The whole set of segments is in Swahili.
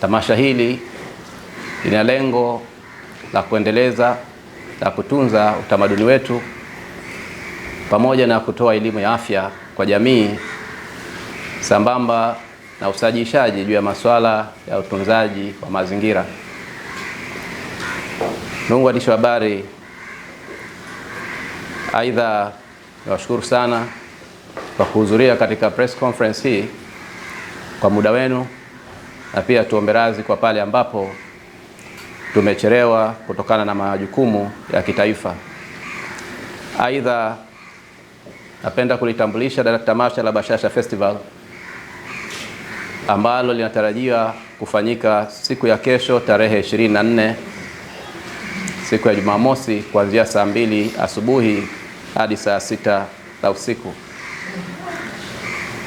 Tamasha hili lina lengo la kuendeleza na kutunza utamaduni wetu pamoja na kutoa elimu ya afya kwa jamii sambamba na usajishaji juu ya masuala ya utunzaji wa mazingira. Ndugu waandishi wa habari, aidha niwashukuru sana kwa kuhudhuria katika press conference hii kwa muda wenu na pia tuombe radhi kwa pale ambapo tumechelewa kutokana na majukumu ya kitaifa. Aidha, napenda kulitambulisha tamasha la Bashasha Festival ambalo linatarajiwa kufanyika siku ya kesho tarehe 24 siku ya Jumamosi kuanzia saa mbili asubuhi hadi saa sita la usiku.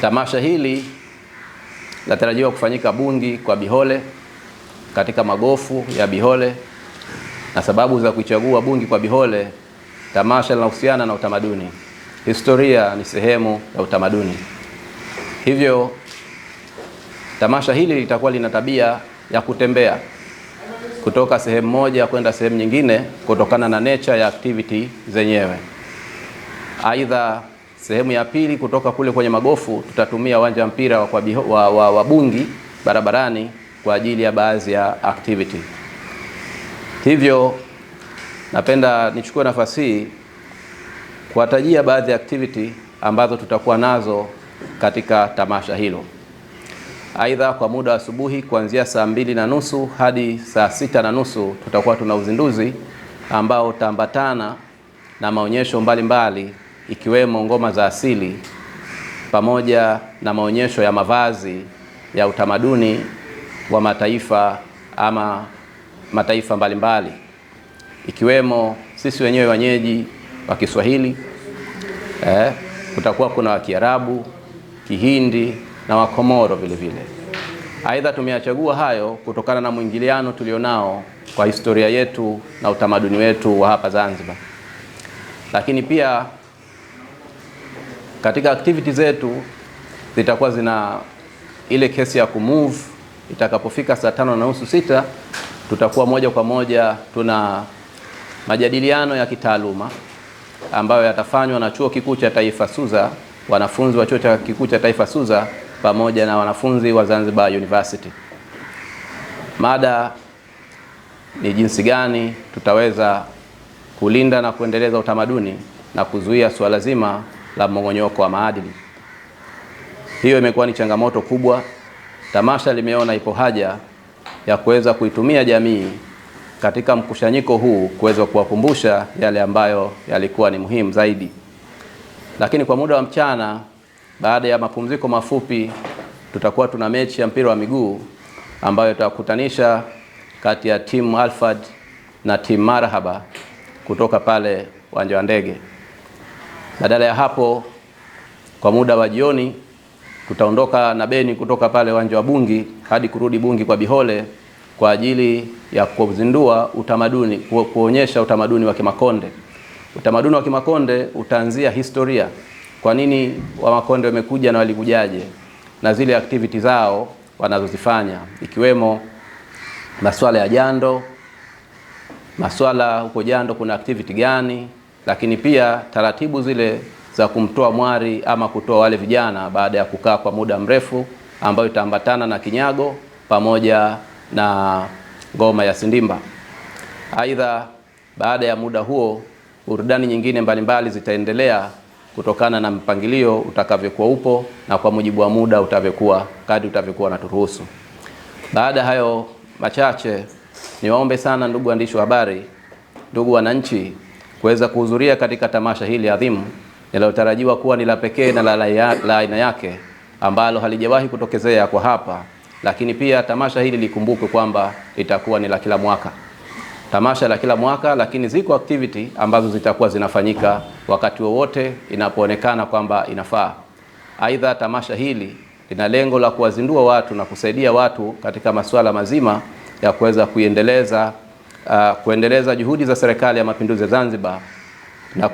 Tamasha hili Natarajiwa kufanyika Bungi kwa Bihole katika magofu ya Bihole, na sababu za kuichagua Bungi kwa Bihole, tamasha linahusiana na utamaduni. Historia ni sehemu ya utamaduni, hivyo tamasha hili litakuwa lina tabia ya kutembea kutoka sehemu moja kwenda sehemu nyingine kutokana na nature ya activity zenyewe. Aidha, Sehemu ya pili kutoka kule kwenye magofu tutatumia uwanja wa mpira wa, wa, wa Bungi barabarani kwa ajili ya baadhi ya activity. Hivyo napenda nichukue nafasi hii kuwatajia baadhi ya activity ambazo tutakuwa nazo katika tamasha hilo. Aidha, kwa muda wa asubuhi kuanzia saa mbili na nusu hadi saa sita na nusu tutakuwa tuna uzinduzi ambao utaambatana na maonyesho mbalimbali mbali ikiwemo ngoma za asili pamoja na maonyesho ya mavazi ya utamaduni wa mataifa ama mataifa mbalimbali ikiwemo sisi wenyewe wenyeji wa Kiswahili eh, kutakuwa kuna wa Kiarabu, Kihindi na Wakomoro vile vile. Aidha, tumeyachagua hayo kutokana na mwingiliano tulionao kwa historia yetu na utamaduni wetu wa hapa Zanzibar, lakini pia katika activity zetu zitakuwa zina ile kesi ya kumove. Itakapofika saa tano na nusu sita, tutakuwa moja kwa moja tuna majadiliano ya kitaaluma ambayo yatafanywa na Chuo Kikuu cha Taifa Suza, wanafunzi wa Chuo cha Kikuu cha Taifa Suza pamoja na wanafunzi wa Zanzibar University. Mada ni jinsi gani tutaweza kulinda na kuendeleza utamaduni na kuzuia suala zima la mmong'onyoko wa maadili. Hiyo imekuwa ni changamoto kubwa. Tamasha limeona ipo haja ya kuweza kuitumia jamii katika mkusanyiko huu kuweza kuwakumbusha yale ambayo yalikuwa ni muhimu zaidi. Lakini kwa muda wa mchana, baada ya mapumziko mafupi, tutakuwa tuna mechi ya mpira wa miguu ambayo itakutanisha kati ya timu Alfad na timu marhaba kutoka pale uwanja wa ndege. Badala ya hapo, kwa muda wa jioni tutaondoka na beni kutoka pale uwanja wa Bungi hadi kurudi Bungi kwa Bihole kwa ajili ya kuzindua utamaduni, kuonyesha utamaduni wa Kimakonde. Utamaduni wa Kimakonde utaanzia historia, kwa nini Wamakonde wamekuja na walikujaje, na zile activity zao wanazozifanya ikiwemo masuala ya jando, masuala huko jando kuna activity gani lakini pia taratibu zile za kumtoa mwari ama kutoa wale vijana baada ya kukaa kwa muda mrefu, ambayo itaambatana na kinyago pamoja na ngoma ya sindimba. Aidha, baada ya muda huo burudani nyingine mbalimbali zitaendelea kutokana na mpangilio utakavyokuwa upo na kwa mujibu wa muda utavyokuwa kadri utavyokuwa na turuhusu. Baada hayo machache, niwaombe sana ndugu waandishi wa habari, ndugu wananchi kuweza kuhudhuria katika tamasha hili adhimu linalotarajiwa kuwa ni la pekee na la aina yake ambalo halijawahi kutokezea kwa hapa, lakini pia tamasha hili likumbukwe kwamba litakuwa ni la kila mwaka, tamasha la kila mwaka, lakini ziko activity ambazo zitakuwa zinafanyika wakati wowote inapoonekana kwamba inafaa. Aidha, tamasha hili lina lengo la kuwazindua watu na kusaidia watu katika masuala mazima ya kuweza kuiendeleza uh, kuendeleza juhudi za Serikali ya Mapinduzi ya Zanzibar na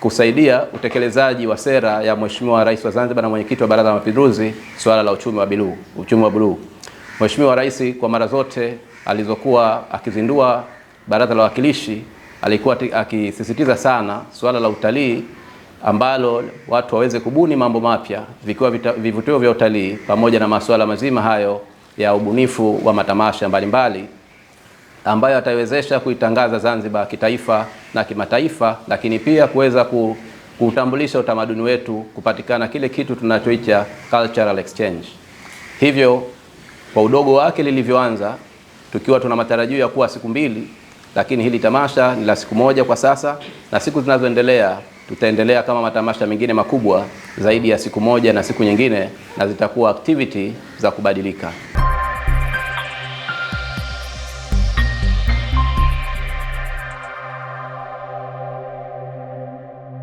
kusaidia utekelezaji wa sera ya Mheshimiwa Rais wa Zanzibar na mwenyekiti wa Baraza la Mapinduzi, swala la uchumi wa buluu, uchumi wa bluu. Mheshimiwa Rais kwa mara zote alizokuwa akizindua Baraza la Wawakilishi alikuwa akisisitiza sana suala la utalii ambalo watu waweze kubuni mambo mapya vikiwa vivutio vya utalii pamoja na masuala mazima hayo ya ubunifu wa matamasha mbalimbali mbali ambayo ataiwezesha kuitangaza Zanzibar kitaifa na kimataifa, lakini pia kuweza kuutambulisha utamaduni wetu, kupatikana kile kitu tunachoicha cultural exchange. Hivyo kwa udogo wake lilivyoanza, tukiwa tuna matarajio ya kuwa siku mbili, lakini hili tamasha ni la siku moja kwa sasa, na siku zinazoendelea tutaendelea kama matamasha mengine makubwa zaidi ya siku moja na siku nyingine, na zitakuwa activity za kubadilika.